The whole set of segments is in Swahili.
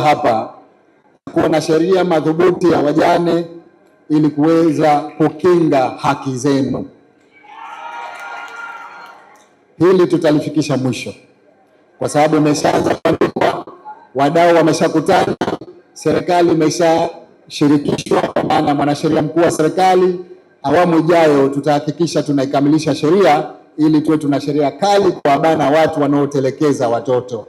hapa kuwa na sheria madhubuti ya wajane ili kuweza kukinga haki zenu. Hili tutalifikisha mwisho, kwa sababu imeshaanza kuandikwa, wadau wameshakutana, serikali imeshashirikishwa, kwa maana mwanasheria mkuu wa serikali. Awamu ijayo tutahakikisha tunaikamilisha sheria ili tuwe tuna sheria kali kwa bana watu wanaotelekeza watoto.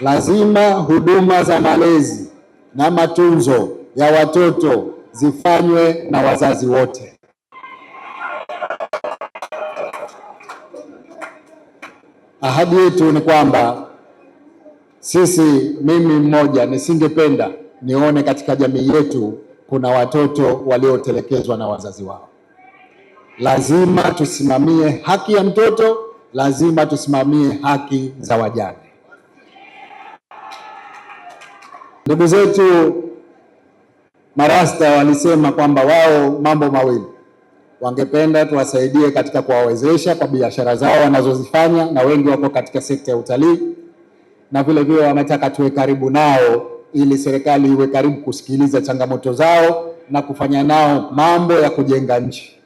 lazima huduma za malezi na matunzo ya watoto zifanywe na wazazi wote. Ahadi yetu ni kwamba sisi, mimi mmoja, nisingependa nione katika jamii yetu kuna watoto waliotelekezwa na wazazi wao. Lazima tusimamie haki ya mtoto, lazima tusimamie haki za wajane. Ndugu zetu marasta walisema kwamba wao mambo mawili wangependa tuwasaidie katika kuwawezesha kwa biashara zao wanazozifanya, na wengi wako katika sekta ya utalii, na vile vile wanataka tuwe karibu nao ili serikali iwe karibu kusikiliza changamoto zao na kufanya nao mambo ya kujenga nchi.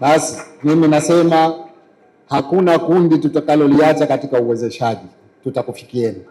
Basi mimi nasema Hakuna kundi tutakaloliacha katika uwezeshaji, tutakufikieni.